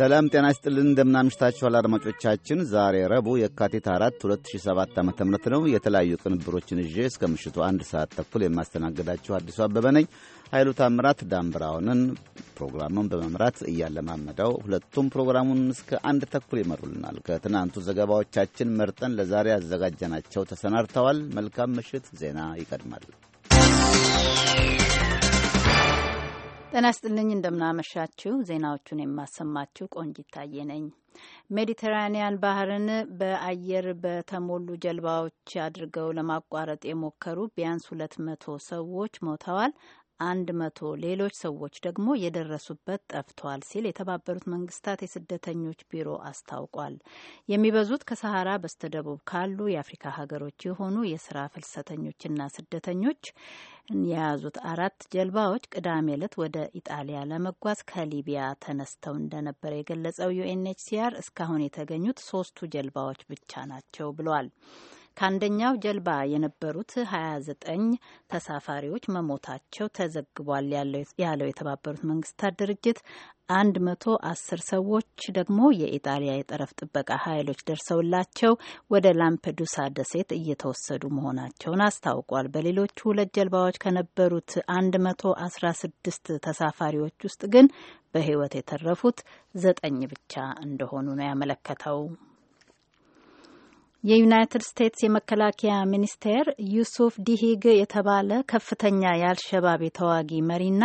ሰላም ጤና ይስጥልን። እንደምናምሽታችኋል አድማጮቻችን። ዛሬ ረቡዕ የካቲት አራት 2007 ዓ ም ነው። የተለያዩ ቅንብሮችን ይዤ እስከ ምሽቱ አንድ ሰዓት ተኩል የማስተናገዳችሁ አዲሱ አበበ ነኝ። ኃይሉ ታምራት ዳምብራውንን ፕሮግራሙን በመምራት እያለማመደው፣ ሁለቱም ፕሮግራሙን እስከ አንድ ተኩል ይመሩልናል። ከትናንቱ ዘገባዎቻችን መርጠን ለዛሬ አዘጋጀናቸው ተሰናድተዋል። መልካም ምሽት። ዜና ይቀድማል። ጤና ስጥልኝ፣ እንደምናመሻችው ዜናዎቹን የማሰማችው ቆንጂት ታየ ነኝ። ሜዲተራኒያን ባህርን በአየር በተሞሉ ጀልባዎች አድርገው ለማቋረጥ የሞከሩ ቢያንስ ሁለት መቶ ሰዎች ሞተዋል፣ አንድ መቶ ሌሎች ሰዎች ደግሞ የደረሱበት ጠፍቷል ሲል የተባበሩት መንግስታት የስደተኞች ቢሮ አስታውቋል። የሚበዙት ከሰሃራ በስተደቡብ ካሉ የአፍሪካ ሀገሮች የሆኑ የስራ ፍልሰተኞችና ስደተኞች የያዙት አራት ጀልባዎች ቅዳሜ ዕለት ወደ ኢጣሊያ ለመጓዝ ከሊቢያ ተነስተው እንደነበረ የገለጸው ዩኤንኤችሲአር እስካሁን የተገኙት ሶስቱ ጀልባዎች ብቻ ናቸው ብሏል። ከአንደኛው ጀልባ የነበሩት 29 ተሳፋሪዎች መሞታቸው ተዘግቧል ያለው የተባበሩት መንግስታት ድርጅት አንድ መቶ አስር ሰዎች ደግሞ የኢጣሊያ የጠረፍ ጥበቃ ኃይሎች ደርሰውላቸው ወደ ላምፔዱሳ ደሴት እየተወሰዱ መሆናቸውን አስታውቋል። በሌሎቹ ሁለት ጀልባዎች ከነበሩት ስድስት ተሳፋሪዎች ውስጥ ግን በህይወት የተረፉት ዘጠኝ ብቻ እንደሆኑ ነው ያመለከተው። የዩናይትድ ስቴትስ የመከላከያ ሚኒስቴር ዩሱፍ ዲሂግ የተባለ ከፍተኛ የአልሸባብ የተዋጊ መሪና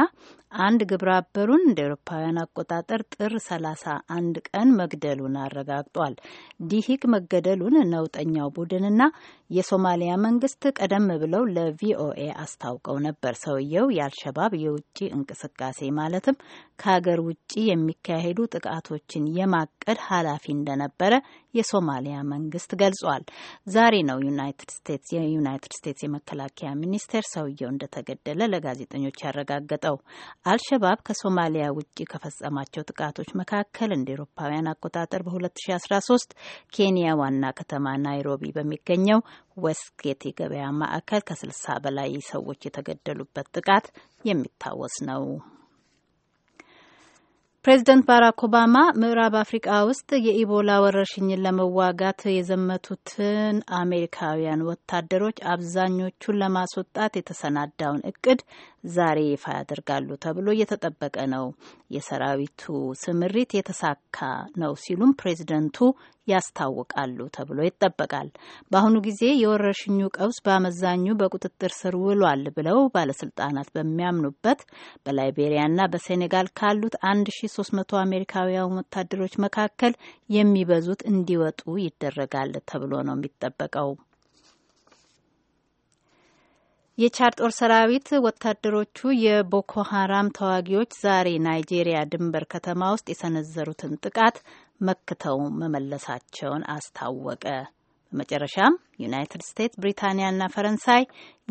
አንድ ግብረ አበሩን እንደ ኤሮፓውያን አቆጣጠር ጥር 31 ቀን መግደሉን አረጋግጧል። ዲሂግ መገደሉን ነውጠኛው ቡድንና የሶማሊያ መንግስት ቀደም ብለው ለቪኦኤ አስታውቀው ነበር። ሰውየው የአልሸባብ የውጭ እንቅስቃሴ ማለትም ከሀገር ውጭ የሚካሄዱ ጥቃቶችን የማቀድ ኃላፊ እንደነበረ የሶማሊያ መንግስት ገልጿል። ዛሬ ነው ዩናይትድ ስቴትስ የዩናይትድ ስቴትስ የመከላከያ ሚኒስቴር ሰውየው እንደተገደለ ለጋዜጠኞች ያረጋገጠው። አልሸባብ ከሶማሊያ ውጭ ከፈጸማቸው ጥቃቶች መካከል እንደ ኤሮፓውያን አቆጣጠር በ2013 ኬንያ ዋና ከተማ ናይሮቢ በሚገኘው ዌስትጌት የገበያ ማዕከል ከ60 በላይ ሰዎች የተገደሉበት ጥቃት የሚታወስ ነው። ፕሬዚደንት ባራክ ኦባማ ምዕራብ አፍሪቃ ውስጥ የኢቦላ ወረርሽኝን ለመዋጋት የዘመቱትን አሜሪካውያን ወታደሮች አብዛኞቹን ለማስወጣት የተሰናዳውን እቅድ ዛሬ ይፋ ያደርጋሉ ተብሎ እየተጠበቀ ነው። የሰራዊቱ ስምሪት የተሳካ ነው ሲሉም ፕሬዚደንቱ ያስታውቃሉ ተብሎ ይጠበቃል። በአሁኑ ጊዜ የወረርሽኙ ቀውስ በአመዛኙ በቁጥጥር ስር ውሏል ብለው ባለስልጣናት በሚያምኑበት በላይቤሪያና በሴኔጋል ካሉት 1300 አሜሪካውያን ወታደሮች መካከል የሚበዙት እንዲወጡ ይደረጋል ተብሎ ነው የሚጠበቀው። የቻድ ጦር ሰራዊት ወታደሮቹ የቦኮ ሀራም ተዋጊዎች ዛሬ ናይጄሪያ ድንበር ከተማ ውስጥ የሰነዘሩትን ጥቃት መክተው መመለሳቸውን አስታወቀ። በመጨረሻም ዩናይትድ ስቴትስ፣ ብሪታንያና ፈረንሳይ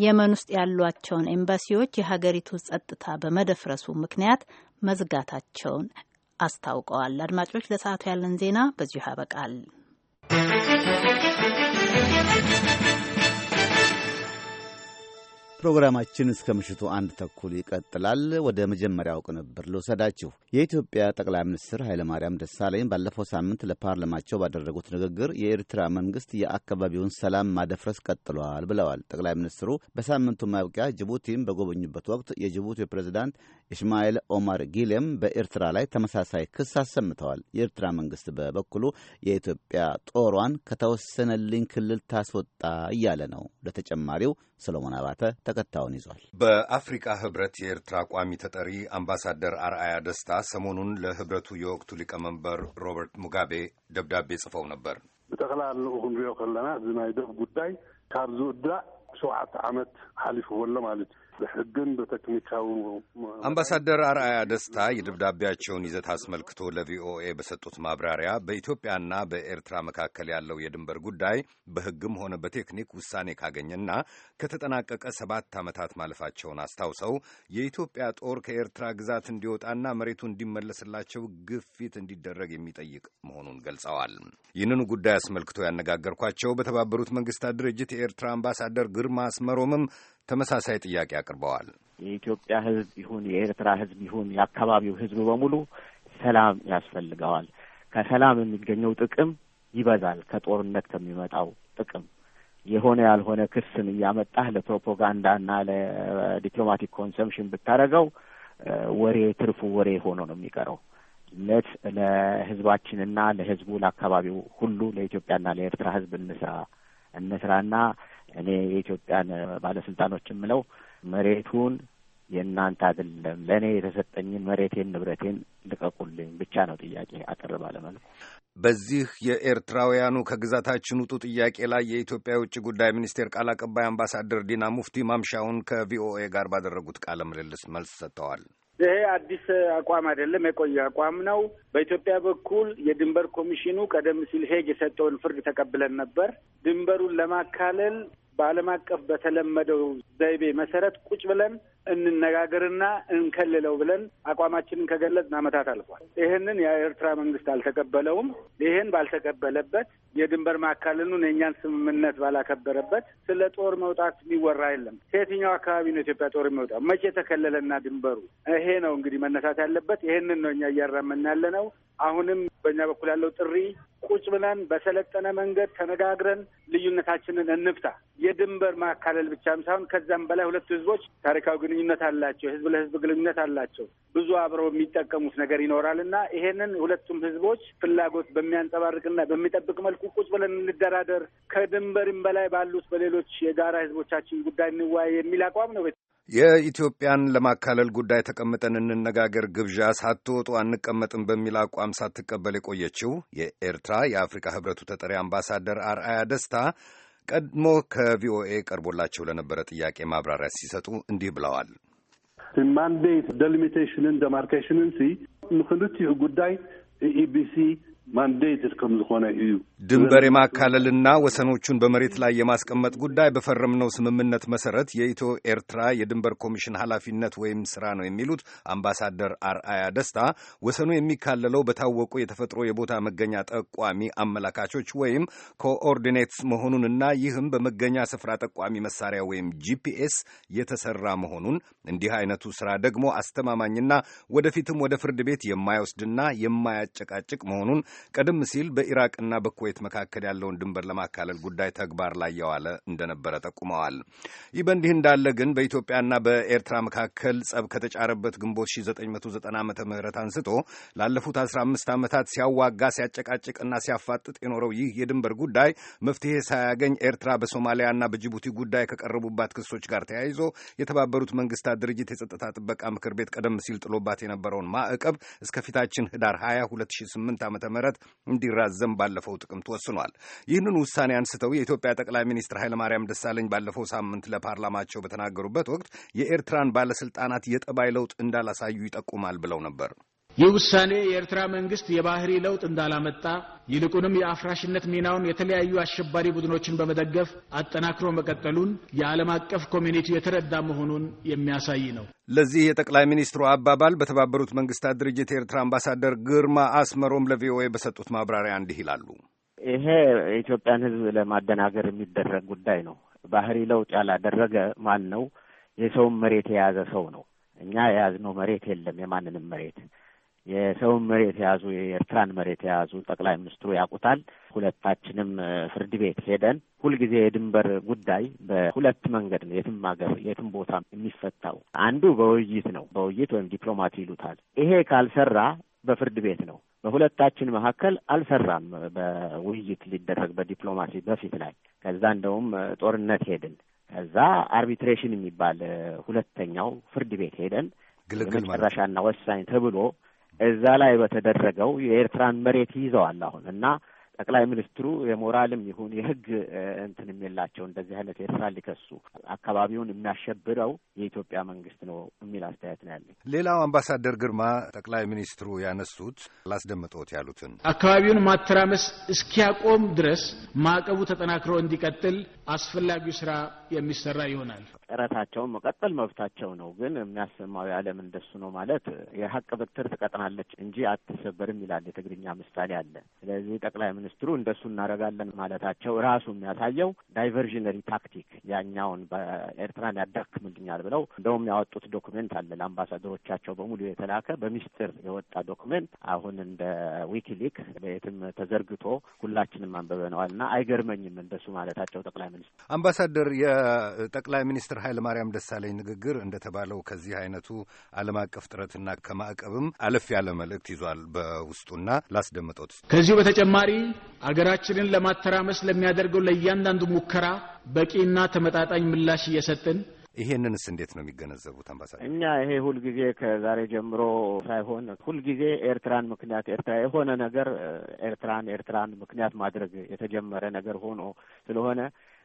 የመን ውስጥ ያሏቸውን ኤምባሲዎች የሀገሪቱ ጸጥታ በመደፍረሱ ምክንያት መዝጋታቸውን አስታውቀዋል። አድማጮች፣ ለሰዓቱ ያለን ዜና በዚሁ ያበቃል። ፕሮግራማችን እስከ ምሽቱ አንድ ተኩል ይቀጥላል። ወደ መጀመሪያው ቅንብር ልውሰዳችሁ። የኢትዮጵያ ጠቅላይ ሚኒስትር ኃይለማርያም ደሳለኝ ባለፈው ሳምንት ለፓርላማቸው ባደረጉት ንግግር የኤርትራ መንግስት የአካባቢውን ሰላም ማደፍረስ ቀጥሏል ብለዋል። ጠቅላይ ሚኒስትሩ በሳምንቱ ማብቂያ ጅቡቲም በጎበኙበት ወቅት የጅቡቲው ፕሬዚዳንት ኢስማኤል ኦማር ጊሌም በኤርትራ ላይ ተመሳሳይ ክስ አሰምተዋል። የኤርትራ መንግስት በበኩሉ የኢትዮጵያ ጦሯን ከተወሰነልኝ ክልል ታስወጣ እያለ ነው። ለተጨማሪው ሰሎሞን አባተ ተከታዩን ይዟል። በአፍሪካ ህብረት የኤርትራ ቋሚ ተጠሪ አምባሳደር አርአያ ደስታ ሰሞኑን ለህብረቱ የወቅቱ ሊቀመንበር ሮበርት ሙጋቤ ደብዳቤ ጽፈው ነበር። ብጠቕላሉ ክንሪኦ ከለና እዚ ናይ ደብ ጉዳይ ካብ ዝውዳእ ሸውዓተ ዓመት ሓሊፍዎሎ ማለት እዩ ብሕግን ብቴክኒካዊ አምባሳደር አርአያ ደስታ የደብዳቤያቸውን ይዘት አስመልክቶ ለቪኦኤ በሰጡት ማብራሪያ በኢትዮጵያና በኤርትራ መካከል ያለው የድንበር ጉዳይ በሕግም ሆነ በቴክኒክ ውሳኔ ካገኘና ከተጠናቀቀ ሰባት ዓመታት ማለፋቸውን አስታውሰው የኢትዮጵያ ጦር ከኤርትራ ግዛት እንዲወጣና መሬቱ እንዲመለስላቸው ግፊት እንዲደረግ የሚጠይቅ መሆኑን ገልጸዋል። ይህንኑ ጉዳይ አስመልክቶ ያነጋገርኳቸው በተባበሩት መንግስታት ድርጅት የኤርትራ አምባሳደር ግርማ ግርማ አስመሮምም ተመሳሳይ ጥያቄ አቅርበዋል። የኢትዮጵያ ሕዝብ ይሁን የኤርትራ ሕዝብ ይሁን የአካባቢው ሕዝብ በሙሉ ሰላም ያስፈልገዋል። ከሰላም የሚገኘው ጥቅም ይበዛል ከጦርነት ከሚመጣው ጥቅም። የሆነ ያልሆነ ክስን እያመጣህ ለፕሮፓጋንዳና ለዲፕሎማቲክ ኮንሰምሽን ብታደረገው ወሬ ትርፉ ወሬ ሆኖ ነው የሚቀረው። ለት ለህዝባችንና ለህዝቡ ለአካባቢው ሁሉ ለኢትዮጵያና ለኤርትራ ህዝብ እንስራ እንስራና እኔ የኢትዮጵያን ባለስልጣኖች የምለው መሬቱን የእናንተ አይደለም፣ ለእኔ የተሰጠኝን መሬቴን ንብረቴን ልቀቁልኝ ብቻ ነው ጥያቄ አጠር ባለመልኩ። በዚህ የኤርትራውያኑ ከግዛታችን ውጡ ጥያቄ ላይ የኢትዮጵያ የውጭ ጉዳይ ሚኒስቴር ቃል አቀባይ አምባሳደር ዲና ሙፍቲ ማምሻውን ከቪኦኤ ጋር ባደረጉት ቃለ ምልልስ መልስ ሰጥተዋል። ይሄ አዲስ አቋም አይደለም፣ የቆየ አቋም ነው። በኢትዮጵያ በኩል የድንበር ኮሚሽኑ ቀደም ሲል ሄግ የሰጠውን ፍርድ ተቀብለን ነበር። ድንበሩን ለማካለል በዓለም አቀፍ በተለመደው ዘይቤ መሰረት ቁጭ ብለን እንነጋገርና እንከልለው ብለን አቋማችንን ከገለጽን ዓመታት አልፏል። ይህንን የኤርትራ መንግስት አልተቀበለውም። ይህን ባልተቀበለበት የድንበር ማካለሉን የእኛን ስምምነት ባላከበረበት ስለ ጦር መውጣት የሚወራ የለም። ከየትኛው አካባቢ ነው ኢትዮጵያ ጦር የሚወጣው? መቼ የተከለለና ድንበሩ? ይሄ ነው እንግዲህ መነሳት ያለበት። ይህንን ነው እኛ እያራመን ያለ ነው። አሁንም በእኛ በኩል ያለው ጥሪ ቁጭ ብለን በሰለጠነ መንገድ ተነጋግረን ልዩነታችንን እንፍታ። የድንበር ማካለል ብቻም ሳይሆን ከዛም በላይ ሁለቱ ህዝቦች ታሪካዊ ግንኙነት አላቸው፣ የህዝብ ለህዝብ ግንኙነት አላቸው። ብዙ አብረው የሚጠቀሙት ነገር ይኖራል እና ይሄንን ሁለቱም ህዝቦች ፍላጎት በሚያንጸባርቅና በሚጠብቅ መልኩ ቁጭ ብለን እንደራደር፣ ከድንበርም በላይ ባሉት በሌሎች የጋራ ህዝቦቻችን ጉዳይ እንዋ የሚል አቋም ነው። የኢትዮጵያን ለማካለል ጉዳይ ተቀምጠን እንነጋገር ግብዣ ሳትወጡ አንቀመጥም በሚል አቋም ሳትቀበል የቆየችው የኤርትራ የአፍሪካ ህብረቱ ተጠሪ አምባሳደር አርአያ ደስታ ቀድሞ ከቪኦኤ ቀርቦላቸው ለነበረ ጥያቄ ማብራሪያ ሲሰጡ እንዲህ ብለዋል። ማንዴት ደሊሚቴሽንን ደማርኬሽንን ሲ ንክልቲኡ ጉዳይ ኢቢሲ ማንዴትድ ዝኾነ እዩ ድንበር የማካለልና ወሰኖቹን በመሬት ላይ የማስቀመጥ ጉዳይ በፈረምነው ስምምነት መሰረት የኢትዮ ኤርትራ የድንበር ኮሚሽን ኃላፊነት ወይም ስራ ነው የሚሉት አምባሳደር አርአያ ደስታ ወሰኑ የሚካለለው በታወቁ የተፈጥሮ የቦታ መገኛ ጠቋሚ አመላካቾች ወይም ኮኦርዲኔትስ መሆኑንና ይህም በመገኛ ስፍራ ጠቋሚ መሳሪያ ወይም ጂፒኤስ የተሰራ መሆኑን እንዲህ አይነቱ ስራ ደግሞ አስተማማኝና ወደፊትም ወደ ፍርድ ቤት የማይወስድና የማያጨቃጭቅ መሆኑን ቀደም ሲል በኢራቅና በኩዌት መካከል ያለውን ድንበር ለማካለል ጉዳይ ተግባር ላይ የዋለ እንደነበረ ጠቁመዋል። ይህ በእንዲህ እንዳለ ግን በኢትዮጵያና በኤርትራ መካከል ጸብ ከተጫረበት ግንቦት 1990 ዓ ምህረት አንስቶ ላለፉት 15 ዓመታት ሲያዋጋ ሲያጨቃጭቅና ሲያፋጥጥ የኖረው ይህ የድንበር ጉዳይ መፍትሄ ሳያገኝ ኤርትራ በሶማሊያና በጅቡቲ ጉዳይ ከቀረቡባት ክሶች ጋር ተያይዞ የተባበሩት መንግስታት ድርጅት የጸጥታ ጥበቃ ምክር ቤት ቀደም ሲል ጥሎባት የነበረውን ማዕቀብ እስከፊታችን ህዳር 20 2008 ዓ ም እንዲራዘም ባለፈው ጥቅምት ወስኗል። ይህንን ውሳኔ አንስተው የኢትዮጵያ ጠቅላይ ሚኒስትር ኃይለማርያም ደሳለኝ ባለፈው ሳምንት ለፓርላማቸው በተናገሩበት ወቅት የኤርትራን ባለስልጣናት የጠባይ ለውጥ እንዳላሳዩ ይጠቁማል ብለው ነበር። ይህ ውሳኔ የኤርትራ መንግስት የባህሪ ለውጥ እንዳላመጣ ይልቁንም የአፍራሽነት ሚናውን የተለያዩ አሸባሪ ቡድኖችን በመደገፍ አጠናክሮ መቀጠሉን የዓለም አቀፍ ኮሚኒቲ የተረዳ መሆኑን የሚያሳይ ነው። ለዚህ የጠቅላይ ሚኒስትሩ አባባል በተባበሩት መንግስታት ድርጅት የኤርትራ አምባሳደር ግርማ አስመሮም ለቪኦኤ በሰጡት ማብራሪያ እንዲህ ይላሉ። ይሄ የኢትዮጵያን ሕዝብ ለማደናገር የሚደረግ ጉዳይ ነው። ባህሪ ለውጥ ያላደረገ ማን ነው? የሰውን መሬት የያዘ ሰው ነው። እኛ የያዝነው መሬት የለም፣ የማንንም መሬት የሰውን መሬት የያዙ የኤርትራን መሬት የያዙ ጠቅላይ ሚኒስትሩ ያውቁታል። ሁለታችንም ፍርድ ቤት ሄደን ሁልጊዜ የድንበር ጉዳይ በሁለት መንገድ ነው የትም ሀገር የትም ቦታ የሚፈታው። አንዱ በውይይት ነው፣ በውይይት ወይም ዲፕሎማት ይሉታል። ይሄ ካልሰራ በፍርድ ቤት ነው። በሁለታችን መካከል አልሰራም። በውይይት ሊደረግ በዲፕሎማሲ በፊት ላይ ከዛ እንደውም ጦርነት ሄድን። ከዛ አርቢትሬሽን የሚባል ሁለተኛው ፍርድ ቤት ሄደን መጨረሻና ወሳኝ ተብሎ እዛ ላይ በተደረገው የኤርትራን መሬት ይዘዋል አሁን እና ጠቅላይ ሚኒስትሩ የሞራልም ይሁን የሕግ እንትን የሚላቸው እንደዚህ አይነት ኤርትራ ሊከሱ አካባቢውን የሚያሸብረው የኢትዮጵያ መንግስት ነው የሚል አስተያየት ነው ያለኝ። ሌላው አምባሳደር ግርማ ጠቅላይ ሚኒስትሩ ያነሱት ላስደምጦት ያሉትን አካባቢውን ማተራመስ እስኪያቆም ድረስ ማዕቀቡ ተጠናክሮ እንዲቀጥል አስፈላጊው ስራ የሚሰራ ይሆናል። ጥረታቸውን መቀጠል መብታቸው ነው። ግን የሚያሰማው የዓለም እንደሱ ነው ማለት የሀቅ ብትር ትቀጥናለች እንጂ አትሰበርም ይላል የትግርኛ ምሳሌ አለ። ስለዚህ ጠቅላይ ሚኒስትሩ እንደሱ እናደርጋለን ማለታቸው ራሱ የሚያሳየው ዳይቨርዥነሪ ታክቲክ ያኛውን በኤርትራን ያዳክምልኛል ብለው እንደውም ያወጡት ዶኩሜንት አለ ለአምባሳደሮቻቸው በሙሉ የተላከ በሚስጥር የወጣ ዶኩሜንት አሁን እንደ ዊኪሊክ በየትም ተዘርግቶ ሁላችንም አንብበነዋል እና አይገርመኝም እንደሱ ማለታቸው ጠቅላይ ሚኒስትር አምባሳደር ከጠቅላይ ሚኒስትር ኃይለማርያም ማርያም ደሳለኝ ንግግር እንደተባለው ከዚህ አይነቱ ዓለም አቀፍ ጥረትና ከማዕቀብም አለፍ ያለ መልእክት ይዟል በውስጡና ላስደምጦት። ከዚሁ በተጨማሪ አገራችንን ለማተራመስ ለሚያደርገው ለእያንዳንዱ ሙከራ በቂና ተመጣጣኝ ምላሽ እየሰጥን ይሄንንስ እንዴት ነው የሚገነዘቡት አምባሳደር? እኛ ይሄ ሁልጊዜ ከዛሬ ጀምሮ ሳይሆን ሁልጊዜ ኤርትራን ምክንያት ኤርትራ የሆነ ነገር ኤርትራን ኤርትራን ምክንያት ማድረግ የተጀመረ ነገር ሆኖ ስለሆነ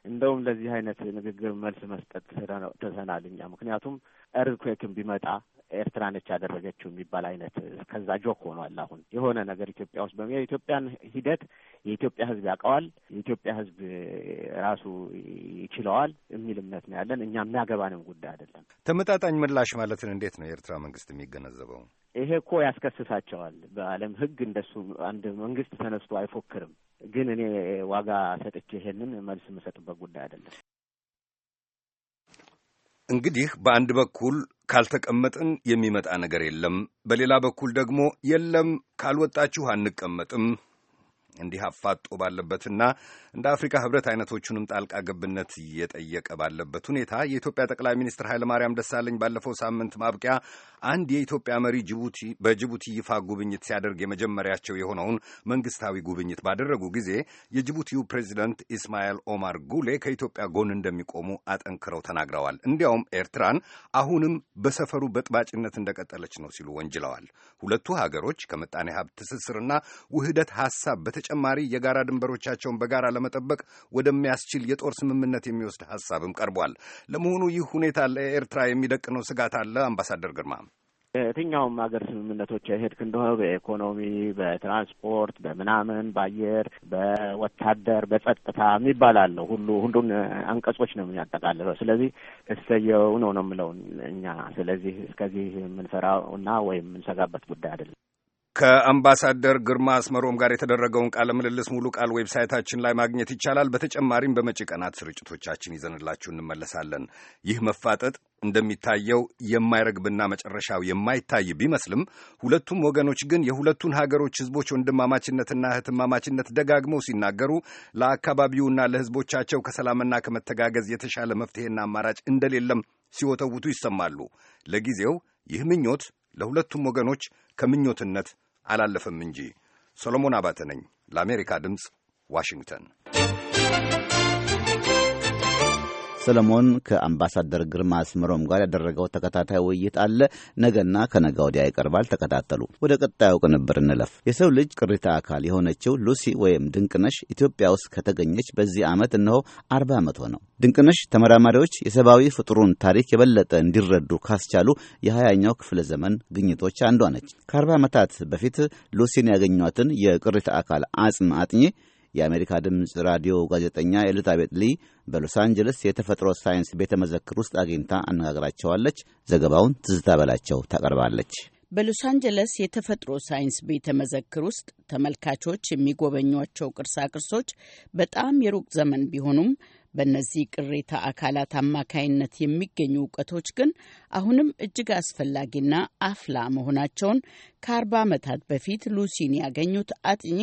እንደውም ለዚህ አይነት ንግግር መልስ መስጠት ተሳናል እኛ ምክንያቱም እርኩክም ቢመጣ ኤርትራ ነች ያደረገችው የሚባል አይነት ከዛ ጆክ ሆኗል። አሁን የሆነ ነገር ኢትዮጵያ ውስጥ የኢትዮጵያን ሂደት የኢትዮጵያ ሕዝብ ያውቀዋል፣ የኢትዮጵያ ሕዝብ ራሱ ይችለዋል የሚል እምነት ነው ያለን። እኛ የሚያገባንም ጉዳይ አይደለም። ተመጣጣኝ ምላሽ ማለትን እንዴት ነው የኤርትራ መንግስት የሚገነዘበው? ይሄ እኮ ያስከስሳቸዋል። በዓለም ሕግ እንደሱ አንድ መንግስት ተነስቶ አይፎክርም። ግን እኔ ዋጋ ሰጥቼ ይሄንን መልስ የምሰጥበት ጉዳይ አይደለም። እንግዲህ በአንድ በኩል ካልተቀመጥን የሚመጣ ነገር የለም፣ በሌላ በኩል ደግሞ የለም ካልወጣችሁ አንቀመጥም እንዲህ አፋጦ ባለበትና እንደ አፍሪካ ህብረት አይነቶቹንም ጣልቃ ገብነት እየጠየቀ ባለበት ሁኔታ የኢትዮጵያ ጠቅላይ ሚኒስትር ኃይለማርያም ደሳለኝ ባለፈው ሳምንት ማብቂያ አንድ የኢትዮጵያ መሪ በጅቡቲ ይፋ ጉብኝት ሲያደርግ የመጀመሪያቸው የሆነውን መንግስታዊ ጉብኝት ባደረጉ ጊዜ የጅቡቲው ፕሬዚደንት ኢስማኤል ኦማር ጉሌ ከኢትዮጵያ ጎን እንደሚቆሙ አጠንክረው ተናግረዋል። እንዲያውም ኤርትራን አሁንም በሰፈሩ በጥባጭነት እንደቀጠለች ነው ሲሉ ወንጅለዋል። ሁለቱ ሀገሮች ከምጣኔ ሀብት ትስስርና ውህደት ሀሳብ በተጨ በተጨማሪ የጋራ ድንበሮቻቸውን በጋራ ለመጠበቅ ወደሚያስችል የጦር ስምምነት የሚወስድ ሀሳብም ቀርቧል። ለመሆኑ ይህ ሁኔታ ለኤርትራ የሚደቅነው ስጋት አለ? አምባሳደር ግርማ የትኛውም ሀገር ስምምነቶች የሄድክ እንደሆነ በኢኮኖሚ፣ በትራንስፖርት፣ በምናምን፣ በአየር፣ በወታደር፣ በጸጥታ የሚባል አለው። ሁሉ ሁሉን አንቀጾች ነው የሚያጠቃልለው። ስለዚህ እሰየው ነው ነው የምለው እኛ። ስለዚህ እስከዚህ የምንፈራው እና ወይም የምንሰጋበት ጉዳይ አይደለም። ከአምባሳደር ግርማ አስመሮም ጋር የተደረገውን ቃለ ምልልስ ሙሉ ቃል ዌብሳይታችን ላይ ማግኘት ይቻላል። በተጨማሪም በመጪ ቀናት ስርጭቶቻችን ይዘንላችሁ እንመለሳለን። ይህ መፋጠጥ እንደሚታየው የማይረግብና መጨረሻው የማይታይ ቢመስልም ሁለቱም ወገኖች ግን የሁለቱን ሀገሮች ሕዝቦች ወንድማማችነትና እህትማማችነት ደጋግመው ሲናገሩ ለአካባቢውና ለሕዝቦቻቸው ከሰላምና ከመተጋገዝ የተሻለ መፍትሄና አማራጭ እንደሌለም ሲወተውቱ ይሰማሉ። ለጊዜው ይህ ምኞት ለሁለቱም ወገኖች ከምኞትነት አላለፈም እንጂ። ሰሎሞን አባተ ነኝ ለአሜሪካ ድምፅ ዋሽንግተን ሰለሞን ከአምባሳደር ግርማ አስመሮም ጋር ያደረገው ተከታታይ ውይይት አለ። ነገና ከነጋ ወዲያ ይቀርባል። ተከታተሉ። ወደ ቀጣዩ ቅንብር እንለፍ። የሰው ልጅ ቅሪተ አካል የሆነችው ሉሲ ወይም ድንቅነሽ ኢትዮጵያ ውስጥ ከተገኘች በዚህ ዓመት እነሆ አርባ ዓመት ሆነው። ድንቅነሽ ተመራማሪዎች የሰብአዊ ፍጡሩን ታሪክ የበለጠ እንዲረዱ ካስቻሉ የሀያኛው ክፍለ ዘመን ግኝቶች አንዷ ነች። ከአርባ ዓመታት በፊት ሉሲን ያገኟትን የቅሪተ አካል አጽም አጥኚ የአሜሪካ ድምፅ ራዲዮ ጋዜጠኛ ኤልዛቤት ሊ በሎስ አንጀለስ የተፈጥሮ ሳይንስ ቤተ መዘክር ውስጥ አግኝታ አነጋግራቸዋለች። ዘገባውን ትዝታ በላቸው ታቀርባለች። በሎስ አንጀለስ የተፈጥሮ ሳይንስ ቤተ መዘክር ውስጥ ተመልካቾች የሚጎበኟቸው ቅርሳቅርሶች በጣም የሩቅ ዘመን ቢሆኑም በእነዚህ ቅሬታ አካላት አማካይነት የሚገኙ እውቀቶች ግን አሁንም እጅግ አስፈላጊና አፍላ መሆናቸውን ከአርባ ዓመታት በፊት ሉሲን ያገኙት አጥኚ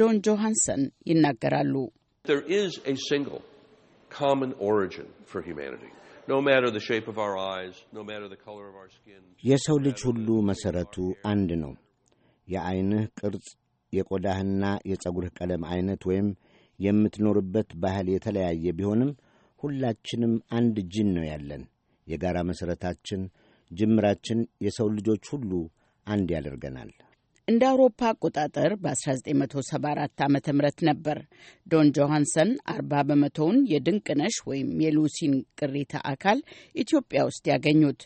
ዶን ጆሃንሰን ይናገራሉ። የሰው ልጅ ሁሉ መሠረቱ አንድ ነው። የዐይንህ ቅርጽ፣ የቆዳህና የጸጉርህ ቀለም ዐይነት ወይም የምትኖርበት ባህል የተለያየ ቢሆንም ሁላችንም አንድ ጅን ነው ያለን። የጋራ መሠረታችን፣ ጅምራችን የሰው ልጆች ሁሉ አንድ ያደርገናል። እንደ አውሮፓ አቆጣጠር በ1974 ዓ ም ነበር ዶን ጆሃንሰን 40 በመቶውን የድንቅነሽ ወይም የሉሲን ቅሪተ አካል ኢትዮጵያ ውስጥ ያገኙት።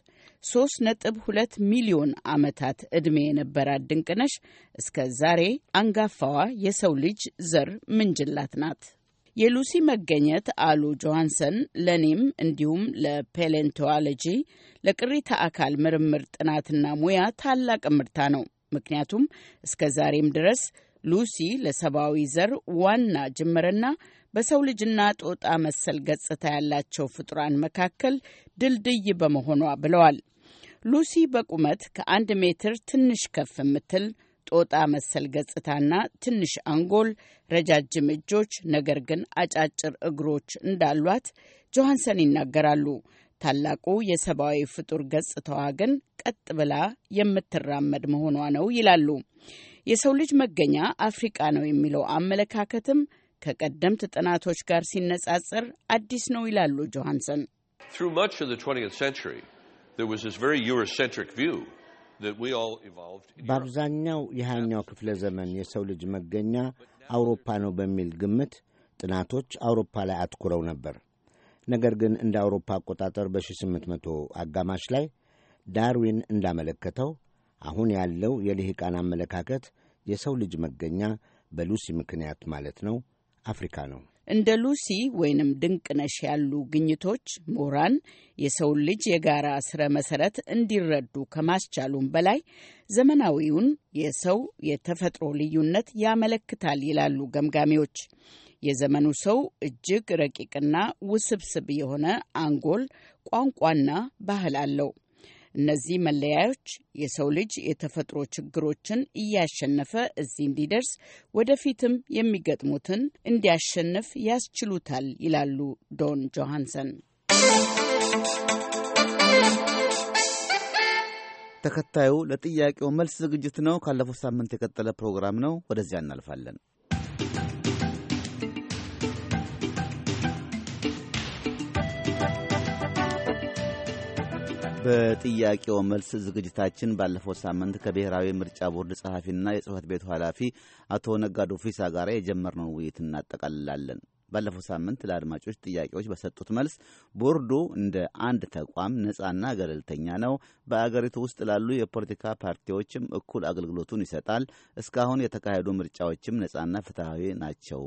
3.2 ሚሊዮን ዓመታት ዕድሜ የነበራት ድንቅነሽ እስከ ዛሬ አንጋፋዋ የሰው ልጅ ዘር ምንጅላት ናት። የሉሲ መገኘት አሉ ጆሃንሰን ለእኔም እንዲሁም ለፔሌንቶሎጂ ለቅሪተ አካል ምርምር ጥናትና ሙያ ታላቅ ምርታ ነው። ምክንያቱም እስከ ዛሬም ድረስ ሉሲ ለሰብአዊ ዘር ዋና ጅምርና በሰው ልጅና ጦጣ መሰል ገጽታ ያላቸው ፍጡራን መካከል ድልድይ በመሆኗ ብለዋል። ሉሲ በቁመት ከአንድ ሜትር ትንሽ ከፍ የምትል ጦጣ መሰል ገጽታና ትንሽ አንጎል፣ ረጃጅም እጆች፣ ነገር ግን አጫጭር እግሮች እንዳሏት ጆሃንሰን ይናገራሉ። ታላቁ የሰብአዊ ፍጡር ገጽታዋ ግን ቀጥ ብላ የምትራመድ መሆኗ ነው ይላሉ። የሰው ልጅ መገኛ አፍሪቃ ነው የሚለው አመለካከትም ከቀደምት ጥናቶች ጋር ሲነጻጸር አዲስ ነው ይላሉ ጆሃንሰን። በአብዛኛው የሃያኛው ክፍለ ዘመን የሰው ልጅ መገኛ አውሮፓ ነው በሚል ግምት ጥናቶች አውሮፓ ላይ አትኩረው ነበር። ነገር ግን እንደ አውሮፓ አቆጣጠር በ1800 አጋማሽ ላይ ዳርዊን እንዳመለከተው አሁን ያለው የልሂቃን አመለካከት የሰው ልጅ መገኛ በሉሲ ምክንያት ማለት ነው አፍሪካ ነው። እንደ ሉሲ ወይንም ድንቅነሽ ያሉ ግኝቶች ምሁራን የሰውን ልጅ የጋራ ስረ መሰረት እንዲረዱ ከማስቻሉም በላይ ዘመናዊውን የሰው የተፈጥሮ ልዩነት ያመለክታል ይላሉ ገምጋሚዎች። የዘመኑ ሰው እጅግ ረቂቅና ውስብስብ የሆነ አንጎል፣ ቋንቋና ባህል አለው። እነዚህ መለያዮች የሰው ልጅ የተፈጥሮ ችግሮችን እያሸነፈ እዚህ እንዲደርስ ወደፊትም የሚገጥሙትን እንዲያሸንፍ ያስችሉታል ይላሉ ዶን ጆሃንሰን። ተከታዩ ለጥያቄው መልስ ዝግጅት ነው። ካለፈው ሳምንት የቀጠለ ፕሮግራም ነው። ወደዚያ እናልፋለን። በጥያቄው መልስ ዝግጅታችን ባለፈው ሳምንት ከብሔራዊ ምርጫ ቦርድ ጸሐፊና የጽህፈት ቤቱ ኃላፊ አቶ ነጋዶ ፊሳ ጋር የጀመርነውን ውይይት እናጠቃልላለን። ባለፈው ሳምንት ለአድማጮች ጥያቄዎች በሰጡት መልስ ቦርዱ እንደ አንድ ተቋም ነጻና ገለልተኛ ነው፣ በአገሪቱ ውስጥ ላሉ የፖለቲካ ፓርቲዎችም እኩል አገልግሎቱን ይሰጣል፣ እስካሁን የተካሄዱ ምርጫዎችም ነጻና ፍትሐዊ ናቸው፣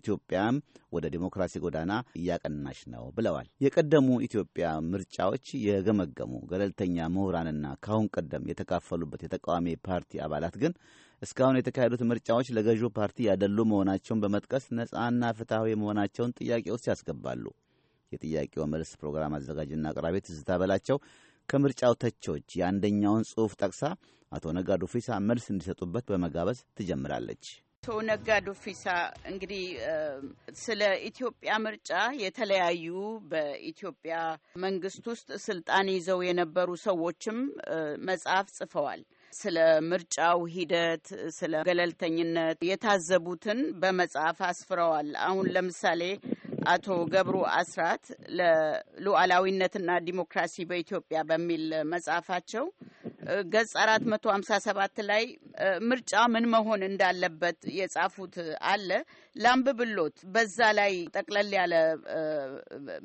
ኢትዮጵያም ወደ ዲሞክራሲ ጎዳና እያቀናች ነው ብለዋል። የቀደሙ ኢትዮጵያ ምርጫዎች የገመገሙ ገለልተኛ ምሁራንና ካሁን ቀደም የተካፈሉበት የተቃዋሚ ፓርቲ አባላት ግን እስካሁን የተካሄዱት ምርጫዎች ለገዢው ፓርቲ ያደሉ መሆናቸውን በመጥቀስ ነጻና ፍትሐዊ መሆናቸውን ጥያቄ ውስጥ ያስገባሉ። የጥያቄው መልስ ፕሮግራም አዘጋጅና አቅራቢ ትዝታ በላቸው ከምርጫው ተቾች የአንደኛውን ጽሑፍ ጠቅሳ አቶ ነጋዱ ፊሳ መልስ እንዲሰጡበት በመጋበዝ ትጀምራለች። አቶ ነጋዱ ፊሳ እንግዲህ ስለ ኢትዮጵያ ምርጫ የተለያዩ በኢትዮጵያ መንግስት ውስጥ ስልጣን ይዘው የነበሩ ሰዎችም መጽሐፍ ጽፈዋል። ስለ ምርጫው ሂደት፣ ስለ ገለልተኝነት የታዘቡትን በመጽሐፍ አስፍረዋል። አሁን ለምሳሌ አቶ ገብሩ አስራት ለሉዓላዊነትና ዲሞክራሲ በኢትዮጵያ በሚል መጽሐፋቸው ገጽ አራት መቶ ሀምሳ ሰባት ላይ ምርጫ ምን መሆን እንዳለበት የጻፉት አለ ላምብብሎት በዛ ላይ ጠቅለል ያለ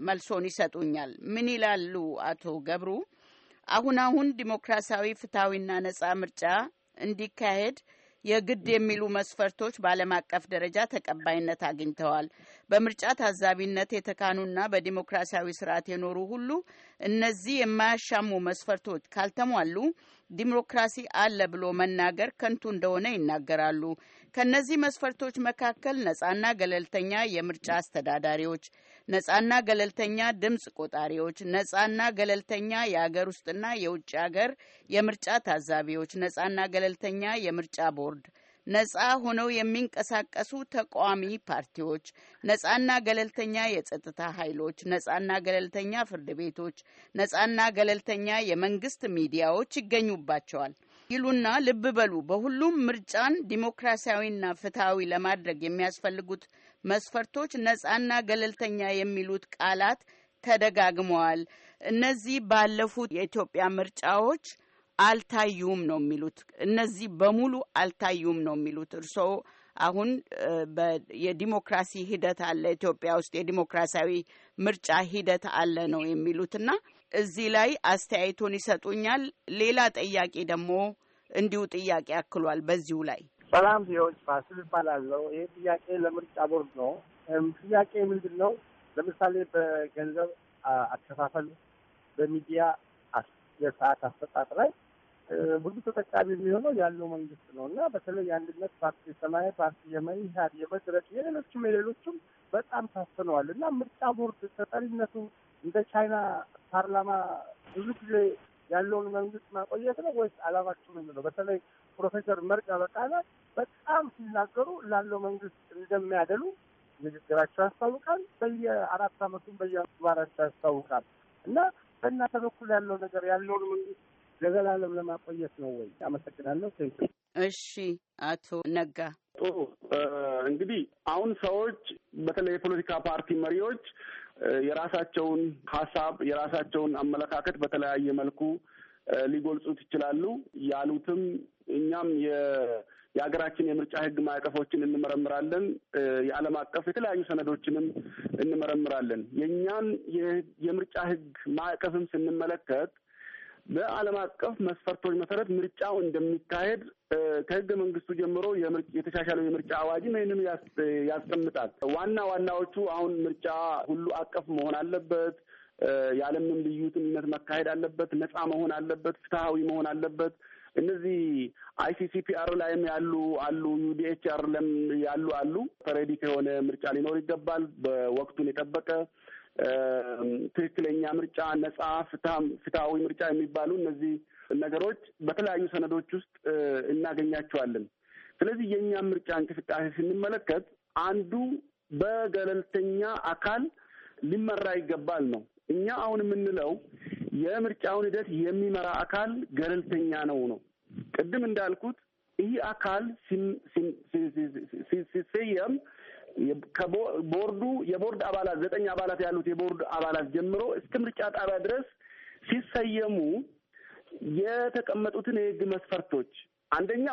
መልሶን ይሰጡኛል። ምን ይላሉ አቶ ገብሩ? አሁን አሁን ዲሞክራሲያዊ ፍትሐዊና ነጻ ምርጫ እንዲካሄድ የግድ የሚሉ መስፈርቶች በዓለም አቀፍ ደረጃ ተቀባይነት አግኝተዋል። በምርጫ ታዛቢነት የተካኑና በዲሞክራሲያዊ ስርዓት የኖሩ ሁሉ እነዚህ የማያሻሙ መስፈርቶች ካልተሟሉ ዲሞክራሲ አለ ብሎ መናገር ከንቱ እንደሆነ ይናገራሉ። ከነዚህ መስፈርቶች መካከል ነጻና ገለልተኛ የምርጫ አስተዳዳሪዎች፣ ነጻና ገለልተኛ ድምፅ ቆጣሪዎች፣ ነጻና ገለልተኛ የአገር ውስጥና የውጭ አገር የምርጫ ታዛቢዎች፣ ነጻና ገለልተኛ የምርጫ ቦርድ ነጻ ሆነው የሚንቀሳቀሱ ተቃዋሚ ፓርቲዎች፣ ነጻና ገለልተኛ የጸጥታ ኃይሎች፣ ነጻና ገለልተኛ ፍርድ ቤቶች፣ ነጻና ገለልተኛ የመንግስት ሚዲያዎች ይገኙባቸዋል ይሉና ልብ በሉ፣ በሁሉም ምርጫን ዲሞክራሲያዊና ፍትሐዊ ለማድረግ የሚያስፈልጉት መስፈርቶች ነጻና ገለልተኛ የሚሉት ቃላት ተደጋግመዋል። እነዚህ ባለፉት የኢትዮጵያ ምርጫዎች አልታዩም ነው የሚሉት። እነዚህ በሙሉ አልታዩም ነው የሚሉት። እርስዎ አሁን የዲሞክራሲ ሂደት አለ ኢትዮጵያ ውስጥ የዲሞክራሲያዊ ምርጫ ሂደት አለ ነው የሚሉት እና እዚህ ላይ አስተያየቱን ይሰጡኛል። ሌላ ጥያቄ ደግሞ እንዲሁ ጥያቄ አክሏል። በዚሁ ላይ ሰላም ዜዎች ፋሲል ይባላለው። ይህ ጥያቄ ለምርጫ ቦርድ ነው። ጥያቄ ምንድን ነው? ለምሳሌ በገንዘብ አከፋፈል፣ በሚዲያ የሰዓት አሰጣጥ ላይ ብዙ ተጠቃሚ የሚሆነው ያለው መንግስት ነው እና በተለይ የአንድነት ፓርቲ፣ ሰማያዊ ፓርቲ፣ የመኢሀድ፣ የመድረክ የሌሎችም የሌሎችም በጣም ታፍነዋል እና ምርጫ ቦርድ ተጠሪነቱ እንደ ቻይና ፓርላማ ብዙ ጊዜ ያለውን መንግስት ማቆየት ነው ወይስ አላማችሁ ምንድን ነው? በተለይ ፕሮፌሰር መርጋ በቃለ በጣም ሲናገሩ ላለው መንግስት እንደሚያደሉ ንግግራቸው ያስታውቃል። በየአራት አመቱም በየአስባራቸው ያስታውቃል እና በእናንተ በኩል ያለው ነገር ያለውን መንግስት ለዘላለም ለማቆየት ነው ወይ? አመሰግናለሁ። እሺ፣ አቶ ነጋ ጥሩ እንግዲህ አሁን ሰዎች በተለይ የፖለቲካ ፓርቲ መሪዎች የራሳቸውን ሀሳብ የራሳቸውን አመለካከት በተለያየ መልኩ ሊጎልጹት ይችላሉ። ያሉትም እኛም የሀገራችን የምርጫ ሕግ ማዕቀፎችን እንመረምራለን። የዓለም አቀፍ የተለያዩ ሰነዶችንም እንመረምራለን። የእኛን የምርጫ ሕግ ማዕቀፍም ስንመለከት በዓለም አቀፍ መስፈርቶች መሰረት ምርጫው እንደሚካሄድ ከህገ መንግስቱ ጀምሮ የተሻሻለው የምርጫ አዋጅም ይህንኑ ያስቀምጣል። ዋና ዋናዎቹ አሁን ምርጫ ሁሉ አቀፍ መሆን አለበት፣ ያለምንም ልዩ መካሄድ አለበት፣ ነፃ መሆን አለበት፣ ፍትሐዊ መሆን አለበት። እነዚህ አይሲሲፒአር ላይም ያሉ አሉ፣ ዩዲኤችአር ላይም ያሉ አሉ። ተሬዲ የሆነ ምርጫ ሊኖር ይገባል፣ በወቅቱን የጠበቀ ትክክለኛ ምርጫ፣ ነጻ ፍትሐዊ ምርጫ የሚባሉ እነዚህ ነገሮች በተለያዩ ሰነዶች ውስጥ እናገኛቸዋለን። ስለዚህ የእኛም ምርጫ እንቅስቃሴ ስንመለከት አንዱ በገለልተኛ አካል ሊመራ ይገባል ነው። እኛ አሁን የምንለው የምርጫውን ሂደት የሚመራ አካል ገለልተኛ ነው ነው። ቅድም እንዳልኩት ይህ አካል ሲሰየም ከቦርዱ የቦርድ አባላት ዘጠኝ አባላት ያሉት የቦርድ አባላት ጀምሮ እስከ ምርጫ ጣቢያ ድረስ ሲሰየሙ የተቀመጡትን የህግ መስፈርቶች አንደኛ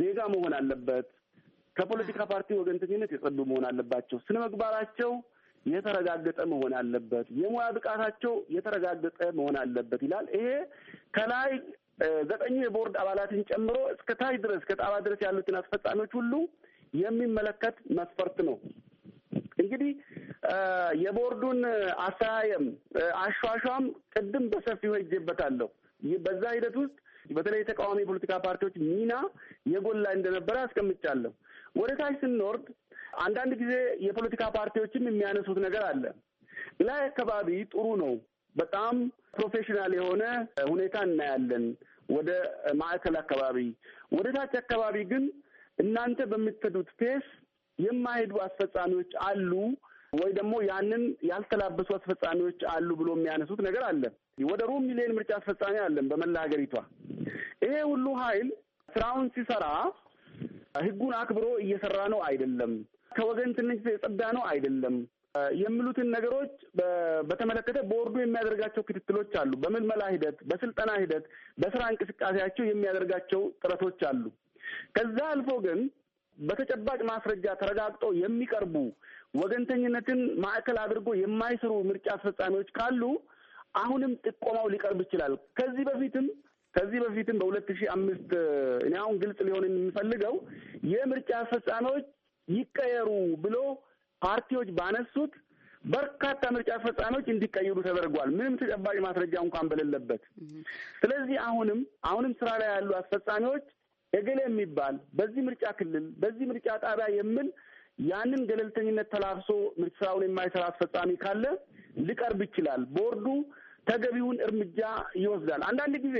ዜጋ መሆን አለበት፣ ከፖለቲካ ፓርቲ ወገንተኝነት የጸዱ መሆን አለባቸው፣ ስነ ምግባራቸው የተረጋገጠ መሆን አለበት፣ የሙያ ብቃታቸው የተረጋገጠ መሆን አለበት ይላል። ይሄ ከላይ ዘጠኙ የቦርድ አባላትን ጨምሮ እስከ ታች ድረስ ከጣባ ድረስ ያሉትን አስፈጻሚዎች ሁሉ የሚመለከት መስፈርት ነው። እንግዲህ የቦርዱን አሰያየም አሿሿም ቅድም በሰፊው ሄጄበታለሁ። በዛ ሂደት ውስጥ በተለይ የተቃዋሚ የፖለቲካ ፓርቲዎች ሚና የጎላ እንደነበረ አስቀምጫለሁ። ወደ ታች ስንወርድ አንዳንድ ጊዜ የፖለቲካ ፓርቲዎችም የሚያነሱት ነገር አለ። ላይ አካባቢ ጥሩ ነው፣ በጣም ፕሮፌሽናል የሆነ ሁኔታ እናያለን። ወደ ማዕከል አካባቢ፣ ወደ ታች አካባቢ ግን እናንተ በምትሄዱት ፔስ የማይሄዱ አስፈጻሚዎች አሉ ወይ ደግሞ ያንን ያልተላበሱ አስፈጻሚዎች አሉ ብሎ የሚያነሱት ነገር አለ። ወደ ሩብ ሚሊዮን ምርጫ አስፈጻሚ አለን በመላ ሀገሪቷ። ይሄ ሁሉ ኃይል ስራውን ሲሰራ ህጉን አክብሮ እየሰራ ነው አይደለም፣ ከወገን ትንሽ የጸዳ ነው አይደለም የሚሉትን ነገሮች በተመለከተ ቦርዱ የሚያደርጋቸው ክትትሎች አሉ። በምልመላ ሂደት፣ በስልጠና ሂደት፣ በስራ እንቅስቃሴያቸው የሚያደርጋቸው ጥረቶች አሉ። ከዛ አልፎ ግን በተጨባጭ ማስረጃ ተረጋግጦ የሚቀርቡ ወገንተኝነትን ማዕከል አድርጎ የማይሰሩ ምርጫ አስፈጻሚዎች ካሉ አሁንም ጥቆማው ሊቀርብ ይችላል። ከዚህ በፊትም ከዚህ በፊትም በሁለት ሺህ አምስት እኔ አሁን ግልጽ ሊሆን የምፈልገው የምርጫ አስፈጻሚዎች ይቀየሩ ብሎ ፓርቲዎች ባነሱት በርካታ ምርጫ አስፈጻሚዎች እንዲቀይሩ ተደርጓል፣ ምንም ተጨባጭ ማስረጃ እንኳን በሌለበት። ስለዚህ አሁንም አሁንም ስራ ላይ ያሉ አስፈጻሚዎች እገሌ የሚባል በዚህ ምርጫ ክልል በዚህ ምርጫ ጣቢያ የሚል ያንን ገለልተኝነት ተላብሶ ስራውን የማይሰራ አስፈጻሚ ካለ ሊቀርብ ይችላል። ቦርዱ ተገቢውን እርምጃ ይወስዳል። አንዳንድ ጊዜ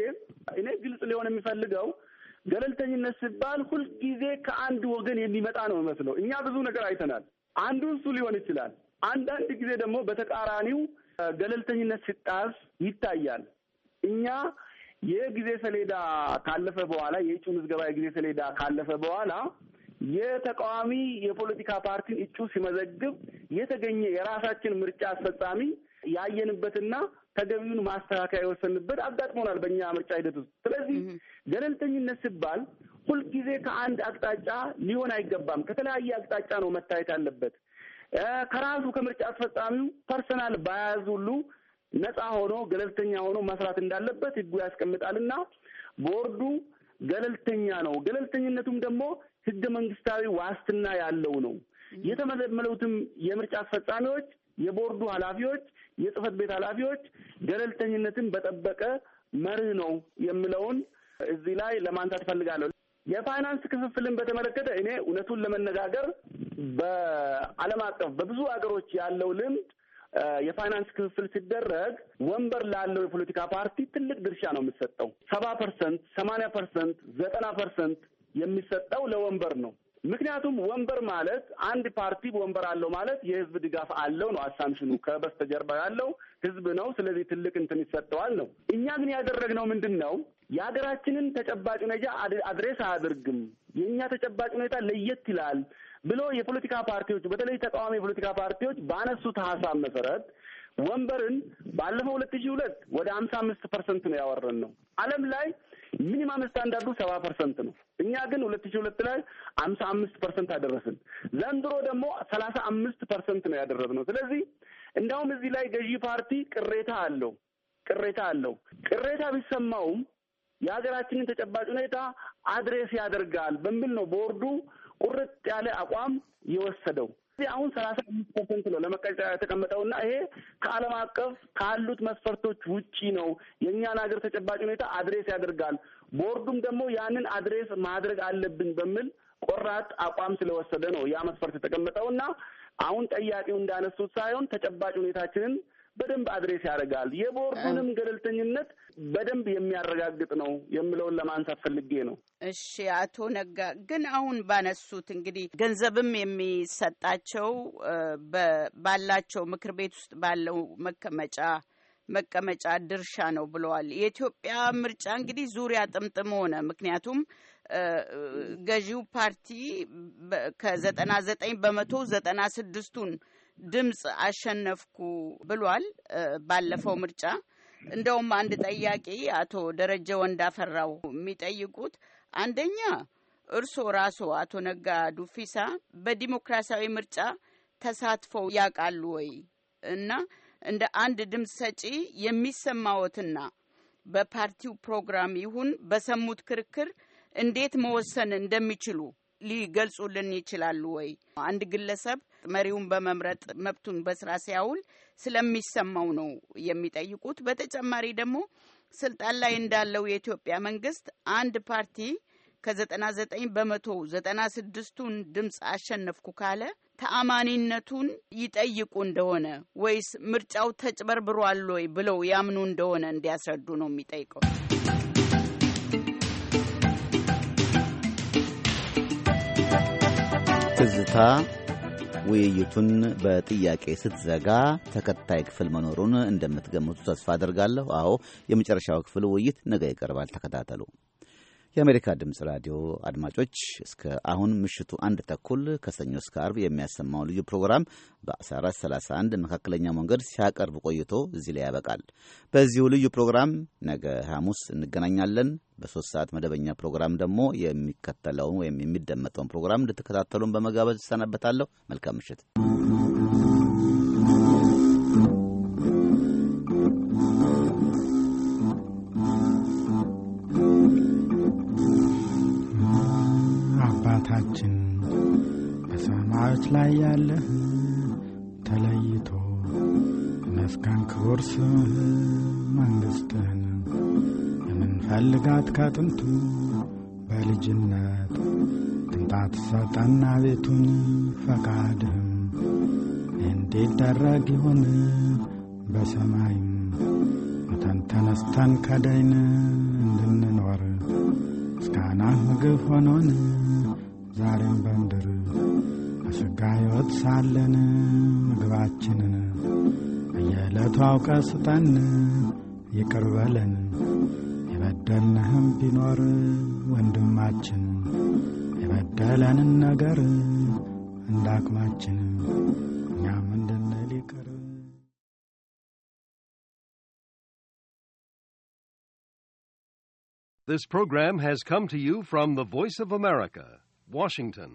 እኔ ግልጽ ሊሆን የሚፈልገው ገለልተኝነት ሲባል ሁልጊዜ ከአንድ ወገን የሚመጣ ነው መስለው እኛ ብዙ ነገር አይተናል። አንዱ እሱ ሊሆን ይችላል። አንዳንድ ጊዜ ደግሞ በተቃራኒው ገለልተኝነት ሲጣስ ይታያል። እኛ የጊዜ ሰሌዳ ካለፈ በኋላ የእጩ ምዝገባ የጊዜ ሰሌዳ ካለፈ በኋላ የተቃዋሚ የፖለቲካ ፓርቲን እጩ ሲመዘግብ የተገኘ የራሳችን ምርጫ አስፈጻሚ ያየንበትና ተገቢውን ማስተካከያ የወሰንበት አጋጥሞናል በእኛ ምርጫ ሂደት ውስጥ። ስለዚህ ገለልተኝነት ሲባል ሁልጊዜ ከአንድ አቅጣጫ ሊሆን አይገባም። ከተለያየ አቅጣጫ ነው መታየት ያለበት። ከራሱ ከምርጫ አስፈጻሚው ፐርሰናል ባያዝ ሁሉ ነፃ ሆኖ ገለልተኛ ሆኖ መስራት እንዳለበት ህጉ ያስቀምጣልና ቦርዱ ገለልተኛ ነው። ገለልተኝነቱም ደግሞ ህገ መንግስታዊ ዋስትና ያለው ነው። የተመለመሉትም የምርጫ አስፈጻሚዎች፣ የቦርዱ ኃላፊዎች፣ የጽህፈት ቤት ኃላፊዎች ገለልተኝነትን በጠበቀ መርህ ነው የሚለውን እዚህ ላይ ለማንሳት እፈልጋለሁ። የፋይናንስ ክፍፍልን በተመለከተ እኔ እውነቱን ለመነጋገር በዓለም አቀፍ በብዙ ሀገሮች ያለው ልምድ የፋይናንስ ክፍፍል ሲደረግ ወንበር ላለው የፖለቲካ ፓርቲ ትልቅ ድርሻ ነው የሚሰጠው። ሰባ ፐርሰንት፣ ሰማንያ ፐርሰንት፣ ዘጠና ፐርሰንት የሚሰጠው ለወንበር ነው። ምክንያቱም ወንበር ማለት አንድ ፓርቲ ወንበር አለው ማለት የህዝብ ድጋፍ አለው ነው። አሳምሽኑ ከበስተጀርባ ያለው ህዝብ ነው። ስለዚህ ትልቅ እንትን ይሰጠዋል ነው። እኛ ግን ያደረግነው ምንድን ነው? የሀገራችንን ተጨባጭ ሁኔታ አድሬስ አያደርግም። የእኛ ተጨባጭ ሁኔታ ለየት ይላል። ብሎ የፖለቲካ ፓርቲዎች በተለይ ተቃዋሚ የፖለቲካ ፓርቲዎች ባነሱት ሀሳብ መሰረት ወንበርን ባለፈው ሁለት ሺህ ሁለት ወደ ሀምሳ አምስት ፐርሰንት ነው ያወረን ነው። ዓለም ላይ ሚኒማም ስታንዳርዱ ሰባ ፐርሰንት ነው። እኛ ግን ሁለት ሺህ ሁለት ላይ ሀምሳ አምስት ፐርሰንት አደረስን። ዘንድሮ ደግሞ ሰላሳ አምስት ፐርሰንት ነው ያደረስነው። ስለዚህ እንዲያውም እዚህ ላይ ገዢ ፓርቲ ቅሬታ አለው ቅሬታ አለው። ቅሬታ ቢሰማውም የሀገራችንን ተጨባጭ ሁኔታ አድሬስ ያደርጋል በሚል ነው ቦርዱ ቁርጥ ያለ አቋም የወሰደው አሁን ሰላሳ አምስት ፐርሰንት ነው ለመቀጫ የተቀመጠው ይሄ ከዓለም አቀፍ ካሉት መስፈርቶች ውጪ ነው። የእኛን ሀገር ተጨባጭ ሁኔታ አድሬስ ያደርጋል። ቦርዱም ደግሞ ያንን አድሬስ ማድረግ አለብን በሚል ቆራጥ አቋም ስለወሰደ ነው ያ መስፈርት የተቀመጠው እና አሁን ጠያቂው እንዳነሱት ሳይሆን ተጨባጭ ሁኔታችንን በደንብ አድሬስ ያደርጋል። የቦርዱንም ገለልተኝነት በደንብ የሚያረጋግጥ ነው የምለውን ለማንሳት ፈልጌ ነው። እሺ አቶ ነጋ ግን አሁን ባነሱት እንግዲህ ገንዘብም የሚሰጣቸው ባላቸው ምክር ቤት ውስጥ ባለው መቀመጫ መቀመጫ ድርሻ ነው ብለዋል። የኢትዮጵያ ምርጫ እንግዲህ ዙሪያ ጥምጥም ሆነ። ምክንያቱም ገዢው ፓርቲ ከዘጠና ዘጠኝ በመቶ ዘጠና ስድስቱን ድምፅ አሸነፍኩ ብሏል ባለፈው ምርጫ። እንደውም አንድ ጠያቂ አቶ ደረጀ ወንዳፈራው የሚጠይቁት አንደኛ እርስዎ ራስዎ አቶ ነጋ ዱፊሳ በዲሞክራሲያዊ ምርጫ ተሳትፈው ያውቃሉ ወይ እና እንደ አንድ ድምፅ ሰጪ የሚሰማዎትና በፓርቲው ፕሮግራም ይሁን በሰሙት ክርክር እንዴት መወሰን እንደሚችሉ ሊገልጹልን ይችላሉ ወይ? አንድ ግለሰብ መሪውን በመምረጥ መብቱን በስራ ሲያውል ስለሚሰማው ነው የሚጠይቁት። በተጨማሪ ደግሞ ስልጣን ላይ እንዳለው የኢትዮጵያ መንግስት አንድ ፓርቲ ከዘጠና ዘጠኝ በመቶ ዘጠና ስድስቱን ድምፅ አሸነፍኩ ካለ ተአማኒነቱን ይጠይቁ እንደሆነ ወይስ ምርጫው ተጭበርብሯል ወይ ብለው ያምኑ እንደሆነ እንዲያስረዱ ነው የሚጠይቀው። ትዝታ ውይይቱን በጥያቄ ስትዘጋ ተከታይ ክፍል መኖሩን እንደምትገምቱ ተስፋ አድርጋለሁ። አዎ የመጨረሻው ክፍል ውይይት ነገ ይቀርባል። ተከታተሉ። የአሜሪካ ድምፅ ራዲዮ አድማጮች እስከ አሁን ምሽቱ አንድ ተኩል ከሰኞ እስከ አርብ የሚያሰማው ልዩ ፕሮግራም በ1431 መካከለኛ መንገድ ሲያቀርብ ቆይቶ እዚህ ላይ ያበቃል። በዚሁ ልዩ ፕሮግራም ነገ ሐሙስ እንገናኛለን። በሶስት ሰዓት መደበኛ ፕሮግራም ደግሞ የሚከተለውን ወይም የሚደመጠውን ፕሮግራም እንድትከታተሉን በመጋበዝ እሰናበታለሁ። መልካም ምሽት። በታች ላይ ያለህ ተለይቶ እነስካን ክቡር ስምህ መንግሥትህን የምንፈልጋት ከጥንቱ በልጅነት ትንጣት ሰጠና ቤቱን ፈቃድህም ደረግ ይሆን በሰማይም ሙተን ተነስተን ከደይን እንድንኖር ምስጋናህ ምግብ ሆኖን ዛሬም በምድር በስጋ ሕይወት ሳለን ምግባችንን በየዕለቱ አውቀ ስጠን፣ ይቅር በለን የበደልንህም ቢኖር ወንድማችን የበደለንን ነገር እንዳቅማችን እኛም እንድንል ይቅር። This program has come to you from the Voice of America, Washington.